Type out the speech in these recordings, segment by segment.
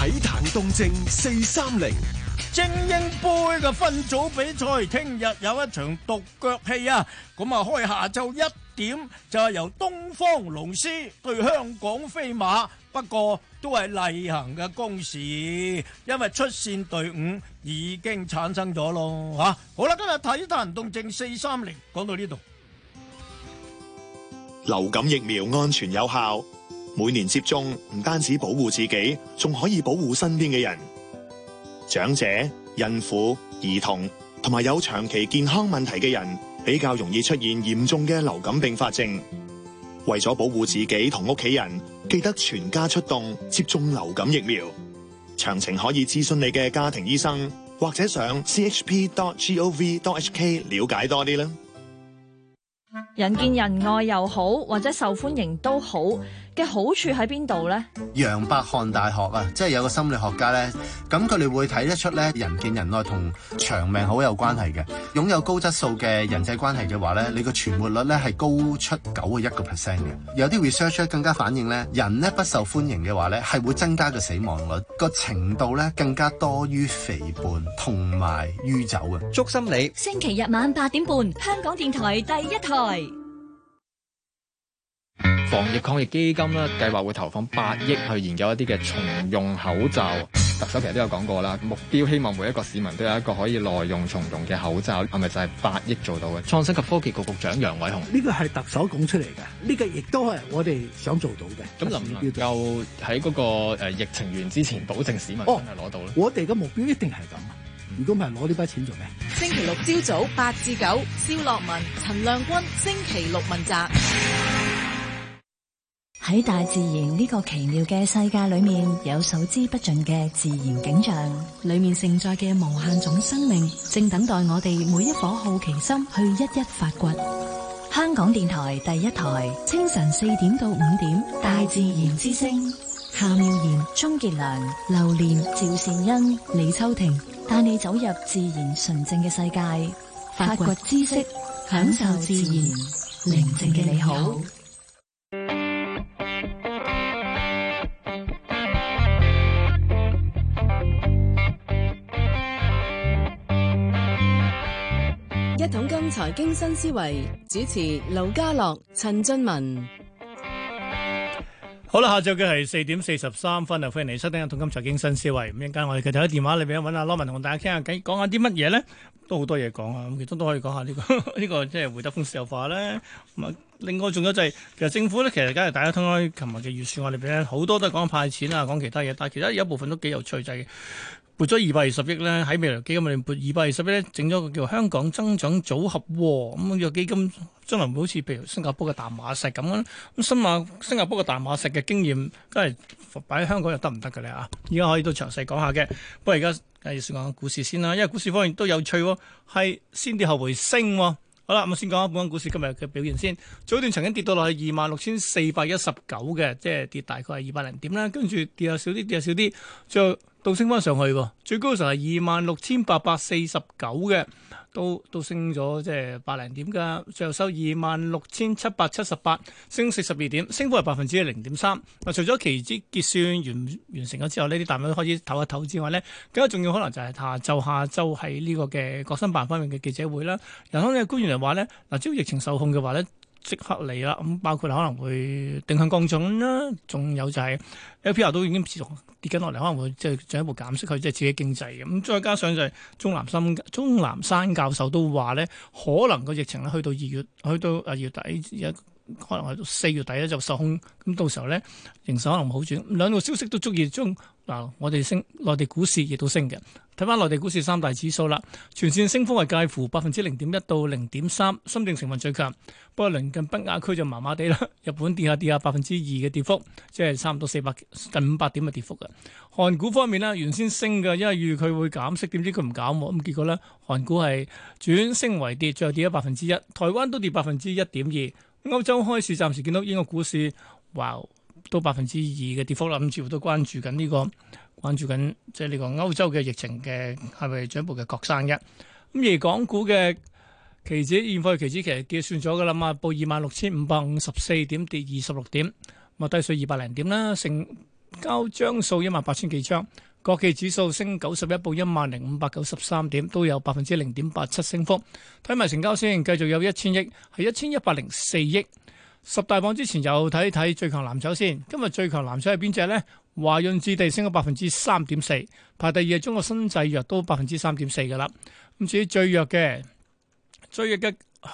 體壇動靜四三零，精英盃嘅分組比賽聽日有一場獨腳戲啊！咁啊，開下晝一點就係由東方龍獅對香港飛馬，不過都係例行嘅公事，因為出線隊伍已經產生咗咯吓。好啦，今日體壇動靜四三零講到呢度，流感疫苗安全有效。每年接種唔單止保護自己，仲可以保護身邊嘅人。長者、孕婦、兒童同埋有長期健康問題嘅人，比較容易出現嚴重嘅流感併發症。為咗保護自己同屋企人，記得全家出動接種流感疫苗。詳情可以諮詢你嘅家庭醫生，或者上 c h p g o v d h kchp.gov.hk 了解多啲啦。人見人愛又好，或者受歡迎都好，嘅好處喺邊度呢？楊百翰大學啊，即係有個心理學家呢。咁佢哋會睇得出呢，人見人愛同長命好有關係嘅。擁有高質素嘅人際關係嘅話呢，你個存活率呢係高出九呀一個 percent 嘅。有啲 research 咧更加反映呢，人呢不受歡迎嘅話呢係會增加個死亡率，個程度呢更加多於肥胖同埋酗酒嘅。祝心理，星期日晚八點半，香港電台第一台。防疫抗疫基金啦，計劃會投放八億去研究一啲嘅重用口罩。特首其實都有講過啦，目標希望每一個市民都有一個可以耐用重用嘅口罩，係咪就係八億做到嘅？創新及科技局局長楊偉雄，呢個係特首講出嚟嘅，呢個亦都係我哋想做到嘅。咁能唔能夠喺嗰個疫情完之前，保證市民真係攞到咧。我哋嘅目標一定係咁啊！如果唔係攞呢筆錢做咩？星期六朝早八至九，蕭樂文、陳亮君，星期六問責。喺大自然呢個奇妙嘅世界裏面，有數之不盡嘅自然景象，裏面盛載嘅無限種生命，正等待我哋每一顆好奇心去一一發掘。香港電台第一台，清晨四點到五點，大自然之聲，之星夏妙賢、鍾杰良、劉蓮、趙善恩、李秋婷，帶你走入自然純正嘅世界，發掘知識，享受自然寧靜嘅美好。經新思維主持劉家樂、陳俊文，好啦，下晝嘅係四點四十三分啊，歡迎你收聽《一桶金財經新思維》。咁陣間我哋今日喺電話裏邊揾阿羅文同大家傾下偈，講下啲乜嘢咧？都好多嘢講啊！咁其中都可以講下呢、這個呢、這個即係匯德豐私有化咧。咁啊，另外仲有就係其實政府咧，其實梗係大家通開琴日嘅預算案裏邊咧，好多都係講派錢啊，講其他嘢，但係其他有一部分都幾有趣緻嘅。撥咗二百二十億咧，喺未來基金裏面撥二百二十億咧，整咗個叫香港增長組合喎、哦，咁、嗯、個基金將來唔會好似譬如新加坡嘅淡馬錫咁啦，咁新馬新加坡嘅淡馬錫嘅經驗，都係擺喺香港又得唔得嘅咧啊？依家可以都詳細講下嘅，不過而家誒先講下股市先啦，因為股市方面都有趣喎、哦，係先跌後回升喎、哦。好啦，咁先講下本港股市今日嘅表現先，早段曾經跌到落去二萬六千四百一十九嘅，即係跌大概係二百零點啦，跟住跌又少啲，跌又少啲，就～都升翻上去喎，最高嘅時候係二萬六千八百四十九嘅，都都升咗即係百零點嘅，最後收二萬六千七百七十八，升四十二點，升幅係百分之零點三。嗱，除咗期指結算完完成咗之後，呢啲大伙都開始唞一唞之外咧，更加重要可能就係下晝、下晝喺呢個嘅國新辦方面嘅記者會啦。銀行嘅官員嚟話咧，嗱，只要疫情受控嘅話咧。即刻嚟啦！咁包括可能會定向降準啦，仲有就係 LPR 都已經持續跌緊落嚟，可能會即係進一步減息，佢即係刺激經濟嘅。咁再加上就係鍾南山，鍾南山教授都話咧，可能個疫情咧去到二月，去到啊月底一可能係到四月底咧就受控咁，到時候咧形勢可能好轉。兩個消息都足以將，嗱，我哋升內地股市亦都升嘅。睇翻內地股市三大指數啦，全線升幅係介乎百分之零點一到零點三，深證成分最強。不過鄰近北亞區就麻麻地啦，日本跌下跌下百分之二嘅跌幅，即係差唔多四百近五百點嘅跌幅嘅。韓股方面呢，原先升嘅，因為預佢會減息，點知佢唔減，咁結果呢，韓股係轉升為跌，最後跌咗百分之一。台灣都跌百分之一點二。歐洲開市暫時見到英國股市話都百分之二嘅跌幅啦，咁似乎都關注緊、這、呢個。關注緊即係呢個歐洲嘅疫情嘅係咪進一步嘅擴散一，咁而港股嘅期指現貨期指其實結算咗噶啦嘛，報二萬六千五百五十四點，跌二十六點，咁啊低水二百零點啦，成交張數一萬八千幾張，國企指數升九十一，報一萬零五百九十三點，都有百分之零點八七升幅。睇埋成交先，繼續有一千億，係一千一百零四億。十大榜之前又睇睇最強藍籌先，今日最強藍籌係邊隻呢？華潤置地升咗百分之三點四，排第二嘅中國新製藥都百分之三點四噶啦。咁至於最弱嘅，最弱嘅啊，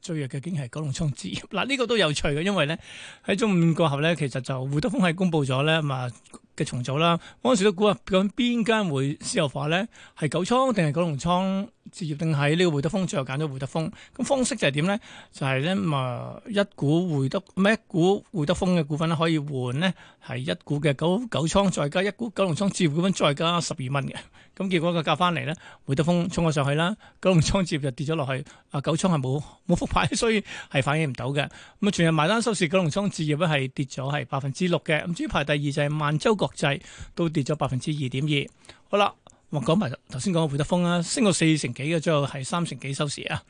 最弱嘅竟係九龍倉置業。嗱，呢個都有趣嘅，因為咧喺中午過後咧，其實就胡德峰係公布咗咧，咁啊。嘅重組啦，嗰陣時都估啊，究竟邊間會私有化咧？係九倉定係九龍倉置業？定係呢個匯德豐最後揀咗匯德豐？咁方式就係點咧？就係咧，啊，一股匯德咩？一股匯德豐嘅股份可以換咧，係一股嘅九九倉再加一股九龍倉置業股份再加十二蚊嘅。咁結果個價翻嚟咧，匯德豐衝咗上去啦，九龍倉置業就跌咗落去。啊，九倉係冇冇復牌，所以係反映唔到嘅。咁啊，全日埋單收市，九龍倉置業咧係跌咗係百分之六嘅。咁至於排第二就係萬洲。國際都跌咗百分之二點二，好啦，我講埋頭先講會德豐啦，升到四成幾嘅，最後係三成幾收市啊。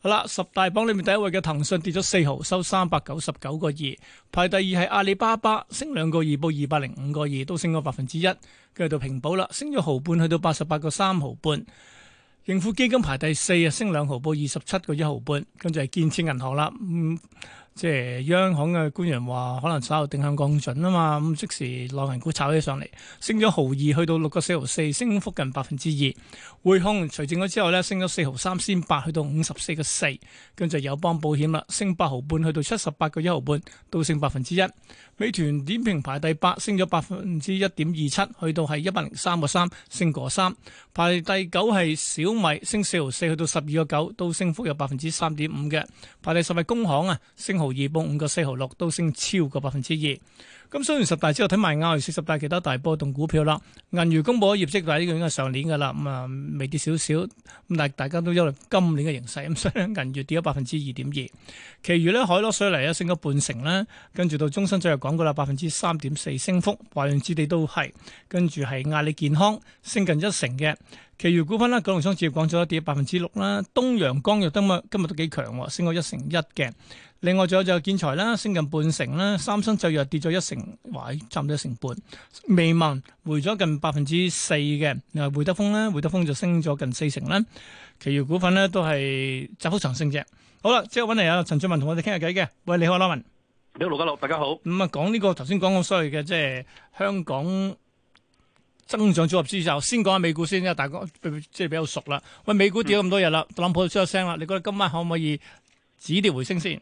好啦，十大榜裏面第一位嘅騰訊跌咗四毫，收三百九十九個二，排第二係阿里巴巴，升兩個二，報二百零五個二，都升咗百分之一，跟住到平保啦，升咗毫半，去到八十八個三毫半。盈富基金排第四啊，升兩毫，報二十七個一毫半，跟住係建設銀行啦，嗯。即係央行嘅官員話可能稍後定向降準啊嘛，咁即時內銀股炒起上嚟，升咗毫二去到六個四毫四，升幅近百分之二。匯控除淨咗之後咧，升咗四毫三仙八去到五十四個四，跟住友邦保險啦，升八毫半去到七十八個一毫半，都升百分之一。美團點評排第八，升咗百分之一點二七，去到係一百零三個三，升過三。排第九係小米，升四毫四去到十二個九，都升幅有百分之三點五嘅。排第十係工行啊，升毫。二意，五個四毫六都升超過百分之二。咁雖然十大之後睇埋亞，四十大其他大波動股票啦。銀娛公佈咗業績，就係呢個應該係上年㗎啦，咁啊未跌少少。咁但大家都憂今年嘅形勢，咁所以銀娛跌咗百分之二點二。其餘咧，海螺水泥啊，升咗半成啦。跟住到中新製藥講過啦，百分之三點四升幅，華潤置地都係。跟住係亞利健康升近一成嘅。其餘股份啦，九龍倉置業講咗跌咗百分之六啦。東陽光藥今日今日都幾強，升咗一成一嘅。另外仲有就建材啦，升近半成啦。三生製藥跌咗一成。話誒，差唔多一成半，未聞回咗近百分之四嘅，又係會德豐咧，會德豐就升咗近四成啦，其餘股份咧都係窄幅上升啫。好啦，即係搵嚟阿陳俊文同我哋傾下偈嘅。喂，你好，阿羅文，你好，盧家樂，大家好。咁啊、嗯，講呢、這個頭先講所多嘅，即係、就是、香港增長組合之後，先講下美股先啦，大家即係比較熟啦。喂，美股跌咗咁多日啦，嗯、特朗普就出咗聲啦，你覺得今晚可唔可以止跌回升先？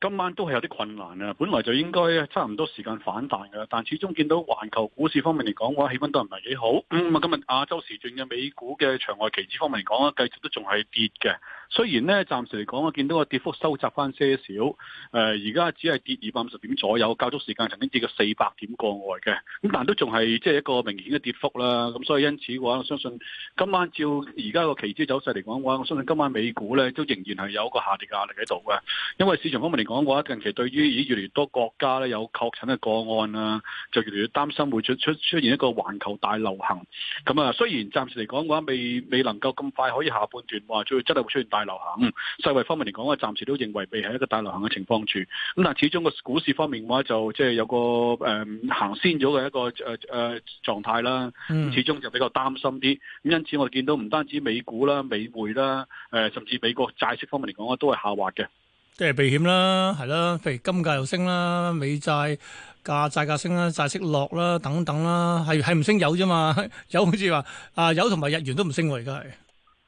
今晚都係有啲困難啊！本來就應該差唔多時間反彈嘅，但始終見到環球股市方面嚟講，話氣氛都唔係幾好。咁、嗯、啊，今日亞洲時段嘅美股嘅場外期指方面嚟講啊，繼續都仲係跌嘅。雖然呢，暫時嚟講啊，我見到個跌幅收窄翻些少。誒、呃，而家只係跌二百五十點左右，較早時間曾經跌過四百點過外嘅。咁但都仲係即係一個明顯嘅跌幅啦。咁所以因此嘅話，我相信今晚照而家個期指走勢嚟講嘅話，我相信今晚美股呢都仍然係有一個下跌嘅壓力喺度嘅，因為市場方面嚟。講話近期對於而越嚟越多國家咧有確診嘅個案啊，就越嚟越擔心會出出出現一個環球大流行。咁啊，雖然暫時嚟講嘅話，未未能夠咁快可以下判斷話，最真係會出現大流行。世衞方面嚟講嘅話，暫時都認為未係一個大流行嘅情況住。咁但係始終個股市方面嘅話，就即係有個誒行、呃、先咗嘅一個誒誒狀態啦。始終就比較擔心啲。咁因此我哋見到唔單止美股啦、美匯啦，誒、呃、甚至美國債息方面嚟講，都係下滑嘅。即係避險啦，係啦，譬如金價又升啦，美債價債價升啦，債息落啦，等等啦，係係唔升油啫嘛，油好似話啊，油同埋日元都唔升喎、啊，而家係。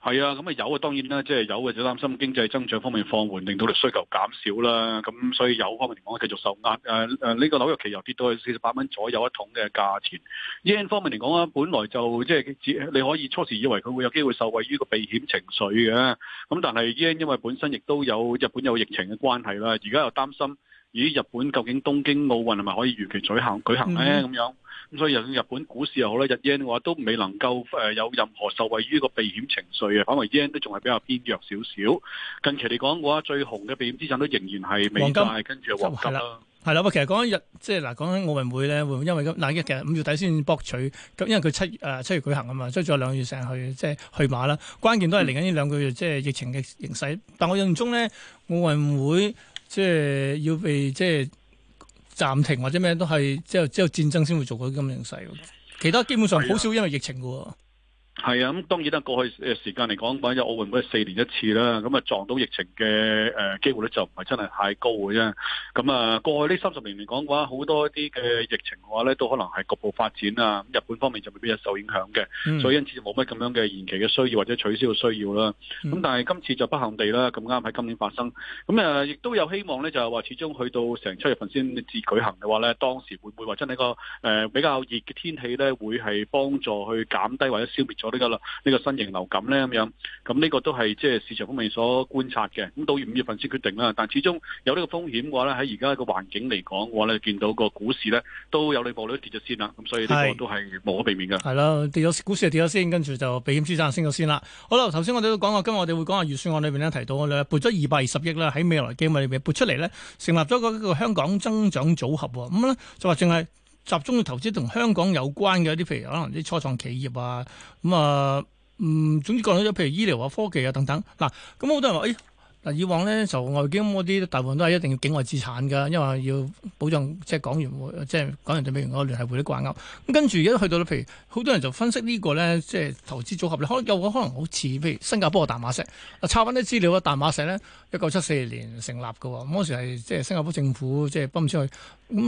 係啊，咁啊有啊，當然啦，即、就、係、是、有嘅、啊，就擔心經濟增長方面放緩，令到你需求減少啦。咁所以有方面嚟講，繼續受壓。誒、啊、呢、啊呢個紐約期油跌到去四十八蚊左右一桶嘅價錢。yen 方面嚟講啊，本來就即係、就是、你可以初時以為佢會有機會受惠於個避險情緒嘅。咁但係 yen 因為本身亦都有日本有疫情嘅關係啦，而家又擔心。咦？日本究竟東京奧運係咪可以如期舉行舉行咧？咁樣咁所以，就算日本股市又好咧，日元嘅話都未能夠誒有任何受惠於個避險情緒嘅，反為日元都仲係比較偏弱少少。近期嚟講嘅話，最紅嘅避險資產都仍然係黃金，跟住黃金咯。係啦，喂，其實講緊日，即係嗱，講緊奧運會咧，會唔會因為咁？嗱，一其實五月底先博取，咁因為佢七月誒七月舉行啊嘛，所以仲有兩月成日去即係去馬啦。關鍵都係嚟緊呢兩個月即係疫情嘅形勢。但我印象中咧，奧運會。即係要被即係暫停或者咩都係，之後之後戰爭先會做嗰啲咁嘅形勢，其他基本上好少因為疫情喎。係啊，咁當然啦，過去時間嚟講反正因為奧運會係四年一次啦，咁啊撞到疫情嘅誒機會咧就唔係真係太高嘅啫。咁、嗯、啊，過去呢三十年嚟講嘅話，好多一啲嘅疫情嘅話咧，都可能係局部發展啊。日本方面就未必有受影響嘅，所以因此就冇乜咁樣嘅延期嘅需要或者取消嘅需要啦。咁、嗯嗯、但係今次就不幸地啦，咁啱喺今年發生。咁、嗯、啊，亦、呃、都有希望咧，就係話始終去到成七月份先至舉行嘅話咧，當時會唔會話真係個誒、呃、比較熱嘅天氣咧，會係幫助去減低或者消滅咗？呢個呢個新型流感咧咁樣，咁、這、呢個都係即係市場方面所觀察嘅。咁到五月份先決定啦。但始終有呢個風險嘅話咧，喺而家個環境嚟講，我咧見到個股市咧都有啲波動跌咗先啦。咁所以呢個都係無可避免嘅。係啦，跌咗股市係跌咗先，跟住就避險資產升咗先啦。好啦，頭先我哋都講過，今日我哋會講下預算案裏邊咧提到，我哋撥咗二百二十億咧喺未來嘅基金裏邊撥出嚟咧，成立咗個，個香港增長組合喎。咁、嗯、咧就話淨係。集中去投資同香港有關嘅一啲，譬如可能啲初創企業啊，咁啊，嗯，總之講咗咗，譬如醫療啊、科技啊等等。嗱、啊，咁、嗯、好多人都話，哎，嗱，以往咧就外資嗰啲大部分都係一定要境外資產嘅，因為要保障即係、就是、港元，即、就、係、是、港元對美元嗰個聯繫匯率掛鈎，咁跟住而家去到了，譬如好多人就分析這個呢個咧，即、就、係、是、投資組合咧，可能有個可能好似譬如新加坡嘅淡馬錫，查翻啲資料啊，淡馬錫咧一九七四年成立嘅喎，咁嗰時係即係新加坡政府即係抌出去，咁、就是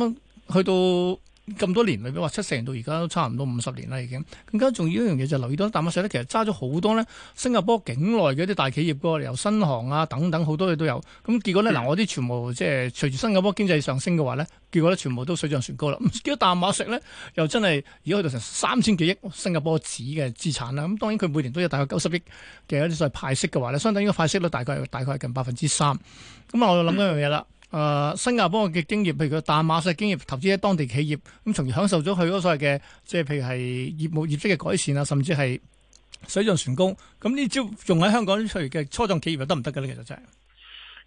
嗯啊、去到。咁多年，你俾話七四年到而家都差唔多五十年啦，已經更加重要一樣嘢，就留意到淡馬錫咧，其實揸咗好多呢新加坡境內嘅啲大企業嘅，由新航啊等等好多嘢都有。咁結果呢，嗱、嗯、我啲全部即係隨住新加坡經濟上升嘅話呢，結果呢全部都水漲船高啦。咁啲淡馬錫呢，又真係而家去到成三千幾億新加坡紙嘅資產啦。咁當然佢每年都有大概九十億嘅一啲所謂派息嘅話，相當於派息呢，相當於個派息率大概係大概係近百分之三。咁啊，我就諗一樣嘢啦。嗯誒、呃、新加坡嘅經驗，譬如佢淡馬錫經驗投資喺當地企業，咁從而享受咗佢嗰所謂嘅，即係譬如係業務業績嘅改善啊，甚至係水漲船高，咁呢招用喺香港出嚟嘅初創企業又得唔得嘅咧？其實真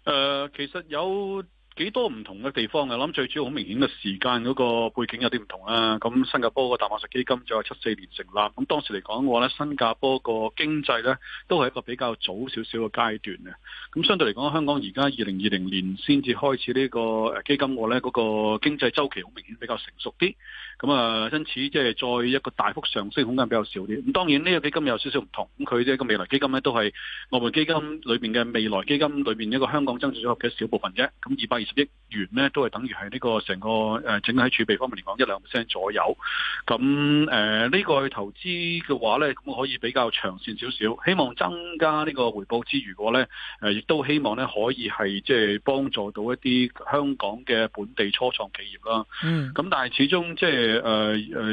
係誒，其實有。幾多唔同嘅地方嘅，我諗最主要好明顯嘅時間嗰個背景有啲唔同啊。咁新加坡個淡馬錫基金，就係七四年成立，咁當時嚟講嘅話咧，新加坡個經濟咧都係一個比較早少少嘅階段嘅。咁相對嚟講，香港而家二零二零年先至開始呢個基金嘅話呢，我咧嗰個經濟周期好明顯比較成熟啲。咁啊，因此即係再一個大幅上升空間比較少啲。咁當然呢個基金又有少少唔同，咁佢即係個未來基金咧都係我們基金裏面嘅未來基金裏邊一個香港增長組合嘅小部分啫。咁二百十億元咧，都係等於係呢個成個誒，整體儲備方面嚟講一兩 percent 左右。咁誒，呃這個，呢個去投資嘅話咧，咁可以比較長線少少，希望增加呢個回報之餘嘅話咧，誒、呃，亦都希望咧可以係即係幫助到一啲香港嘅本地初創企業啦。嗯。咁但係始終即係誒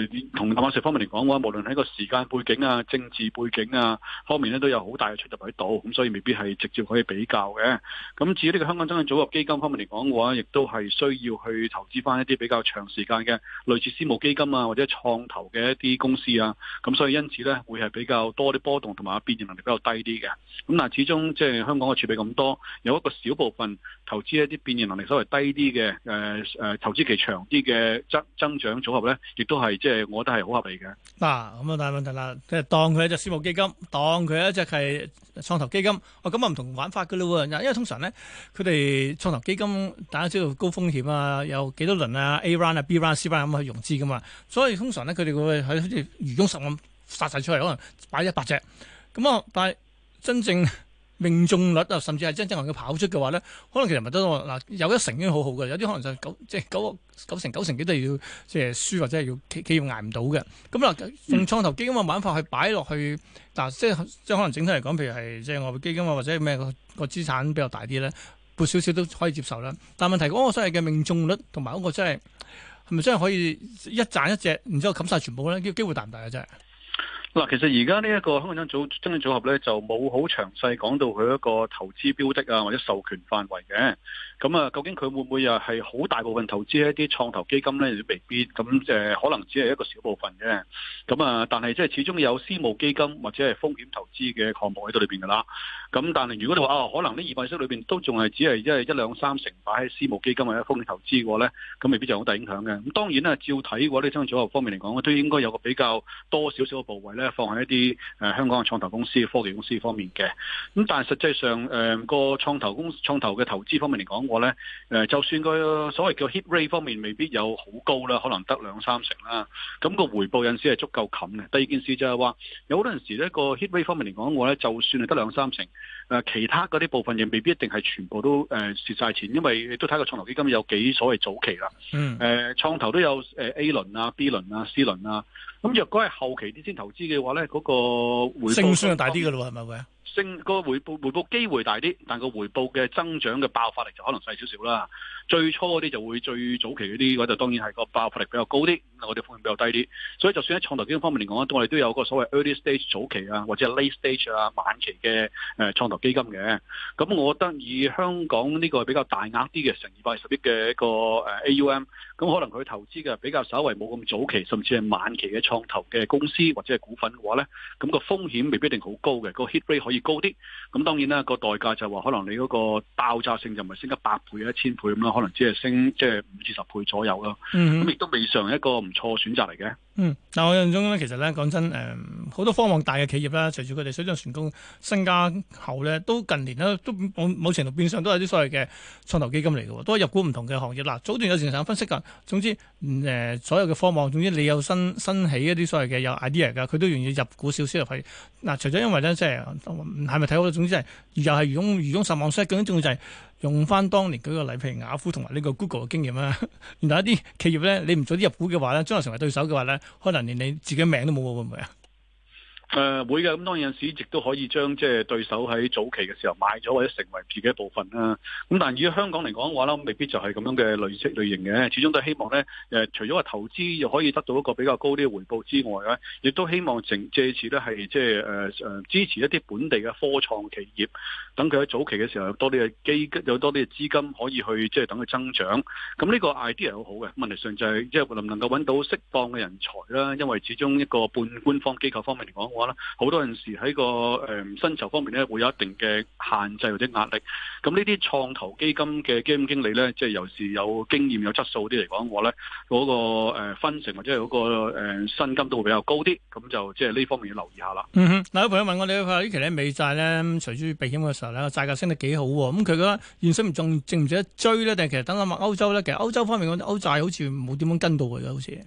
誒，同淡馬錫方面嚟講嘅話，無論喺個時間背景啊、政治背景啊方面咧，都有好大嘅出入喺度，咁所以未必係直接可以比較嘅。咁至於呢個香港增長組合基金方面嚟講，咁嘅話，亦都係需要去投資翻一啲比較長時間嘅類似私募基金啊，或者創投嘅一啲公司啊。咁所以因此咧，會係比較多啲波動同埋變現能力比較低啲嘅。咁但係始終即係香港嘅儲備咁多，有一個小部分投資一啲變現能力稍微低啲嘅，誒、啊、誒、啊、投資期長啲嘅增增長組合咧，亦都係即係我覺得係好合理嘅。嗱、啊，咁啊大問題啦，即係當佢一隻私募基金，當佢一隻係創投基金，哦咁啊唔同玩法㗎啦喎。因為通常咧，佢哋創投基金。大家知道高風險啊，有幾多輪啊，A run 啊，B run C、C run 咁去融資噶嘛？所以通常咧，佢哋會喺好似愚公十咁發晒出嚟，可能擺一百隻咁啊。嗯嗯、但係真正命中率啊，甚至係真正能夠跑出嘅話咧，可能其實唔係得多有一成已經好好嘅，有啲可能就九即係九個九成九成幾都要即係、就是、輸或者係要企企業捱唔到嘅。咁嗱，嗯嗯、用創投基金嘅玩法去擺落去嗱、呃，即係即係可能整體嚟講，譬如係即係外匯基金啊或者咩個個資產比較大啲咧。撥少少都可以接受啦，但問題嗰個真係嘅命中率同埋嗰個真係，係咪真係可以一賺一隻然之後冚晒全部咧？呢個機會大唔大啊真係。嗱，其實而家呢一個香港組增長組合咧，就冇好詳細講到佢一個投資標的啊，或者授權範圍嘅。咁啊，究竟佢會唔會又係好大部分投資喺啲創投基金咧？未必。咁誒，可能只係一個小部分嘅。咁啊，但係即係始終有私募基金或者係風險投資嘅項目喺度裏邊㗎啦。咁但係如果你話啊，可能啲二百億裏邊都仲係只係即係一兩三成擺喺私募基金或者風險投資嘅話咧，咁、哦、未必就好大影響嘅。咁當然啦，照睇嘅話，呢增長組合方面嚟講，我都應該有一個比較多少少嘅部位咧。放喺一啲誒、呃、香港嘅創投公司、科技公司方面嘅，咁但係實際上誒、呃個創投公司創投嘅投資方面嚟講，嘅話咧誒就算個所謂叫 hit rate 方面，未必有好高啦，可能得兩三成啦。咁、個回報有陣時係足夠冚嘅。第二件事就係話，有好多陣時咧，個 hit rate 方面嚟講，嘅話咧就算係得兩三成，誒、呃、其他嗰啲部分亦未必一定係全部都誒蝕晒錢，因為亦都睇過創投基金有幾所謂早期啦。誒、嗯呃、創投都有誒 A 輪啊、B 輪啊、C 輪啊。咁、嗯、若果係後期啲先投資。嘅話咧，嗰回升就大啲嘅咯，係咪會啊？升個回報回報機會大啲，但個回報嘅增長嘅爆發力就可能細少少啦。最初嗰啲就會最早期嗰啲，我就當然係個爆發力比較高啲，我哋風險比較低啲。所以就算喺創投基金方面嚟講咧，我哋都有一個所謂 early stage 早期啊，或者 late stage 啊晚期嘅誒創投基金嘅。咁我覺得以香港呢個比較大額啲嘅成二百二十億嘅一個誒 AUM。咁可能佢投資嘅比較稍為冇咁早期，甚至係晚期嘅創投嘅公司或者係股份嘅話咧，咁、個風險未必一定好高嘅，個 hit rate 可以高啲。咁當然啦，個代價就話可能你嗰個爆炸性就唔係升得百倍，一千倍咁啦，可能只係升即係、就是、五至十倍左右咯。咁亦都未上一個唔錯選擇嚟嘅。嗯，但我印象中咧，其實咧講真，誒、嗯，好多科網大嘅企業啦，隨住佢哋水漲船高，身家厚咧，都近年咧都某程度變相都係啲所謂嘅創投基金嚟嘅，都係入股唔同嘅行業啦。早段有時成日分析噶，總之誒、呃，所有嘅科網，總之你有新新起一啲所謂嘅有 idea 噶，佢都願意入股少少入去。嗱，除咗因為咧，即係係咪睇好？總之係、就是、又係如，如中如中十網十究竟仲要就係、是。用翻當年嗰個例，譬如雅虎同埋呢個 Google 嘅經驗啦，原來一啲企業咧，你唔早啲入股嘅話咧，將來成為對手嘅話咧，可能連你自己嘅命都冇喎，會唔會？誒會嘅，咁當然有時亦都可以將即係對手喺早期嘅時候買咗，或者成為自己一部分啦。咁但係以香港嚟講嘅話未必就係咁樣嘅類式類型嘅，始終都係希望咧除咗話投資又可以得到一個比較高啲嘅回報之外咧，亦都希望借此咧係即係誒支持一啲本地嘅科創企業，等佢喺早期嘅時候多啲嘅基金有多啲嘅資金可以去即係等佢增長。咁呢個 idea 好好嘅，問題上就係即係能唔能夠揾到適當嘅人才啦。因為始終一個半官方機構方面嚟講，好多陣時喺個誒、呃、薪酬方面咧，會有一定嘅限制或者壓力。咁呢啲創投基金嘅基金經理咧，即係尤其係有經驗、有質素啲嚟講，嘅話咧嗰個誒分成或者係、那、嗰個誒、呃、薪金都會比較高啲。咁就即係呢方面要留意一下啦。嗯哼，嗱，有朋友問我哋呢期咧美債咧，隨住避險嘅時候咧，債價升得幾好喎，啊。咁佢覺得現實唔仲值唔值得追咧？定係其實等等埋歐洲咧？其實歐洲，洲方面嘅歐債好似冇點樣跟到佢嘅好似。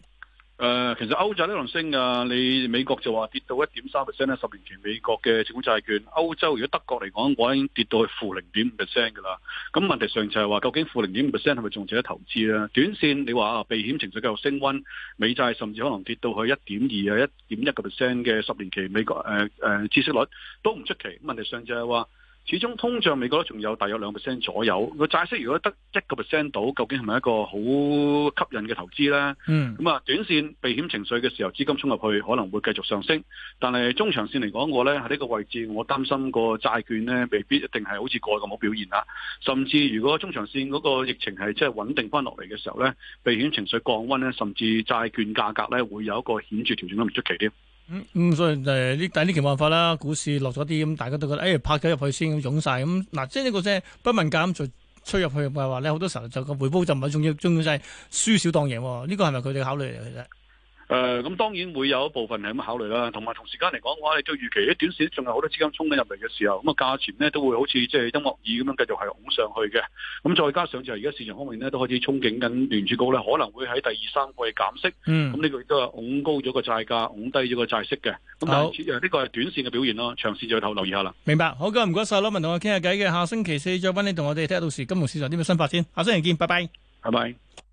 誒、呃，其實歐債都可能升啊，你美國就話跌到一點三 percent，十年期美國嘅政府債券，歐洲如果德國嚟講，我已經跌到去負零點五 percent 噶啦。咁問題上就係話，究竟負零點五 percent 係咪仲值得投資啊？短線你話避險情緒繼續升温，美債甚至可能跌到去一點二啊，一點一個 percent 嘅十年期美國誒誒孳息率都唔出奇。問題上就係話。始終通脹美國都仲有大約兩 percent 左右，個債息如果得一個 percent 到，究竟係咪一個好吸引嘅投資咧？咁啊、嗯，短線避險情緒嘅時候，資金衝入去可能會繼續上升，但係中長線嚟講，我呢喺呢個位置，我擔心個債券呢未必一定係好似過去咁好表現啊，甚至如果中長線嗰個疫情係即係穩定翻落嚟嘅時候呢，避險情緒降溫咧，甚至債券價格呢會有一個顯著調整都唔出奇添。嗯，嗯所以，誒呢，但係呢期冇辦法啦，股市落咗啲，咁大家都覺得誒、哎，拍咗入去先，咁湧晒，咁嗱，即係呢個即係不問價咁就衝入去嘅話咧，好多時候就個回報就唔係重要，重要就係輸少當贏，呢個係咪佢哋考慮嚟嘅其實？誒，咁、呃嗯、當然會有一部分係咁考慮啦，同埋同時間嚟講嘅話，你做預期，喺短線仲有好多資金衝緊入嚟嘅時候，咁啊價錢咧都會好似即係音樂耳咁樣繼續係拱上去嘅。咁、嗯、再加上就係而家市場方面咧都開始憧憬緊聯儲局咧可能會喺第二三季度減息，咁、嗯、呢、嗯這個亦都係拱高咗個債價、拱低咗個債息嘅。咁、嗯、呢好個係短線嘅表現咯，長線就去投留意下啦。明白，好嘅，唔該晒，盧文同我傾下偈嘅，下星期四再搵你同我哋睇下到時金融市場啲咩新發展。下星期見，拜拜，拜拜。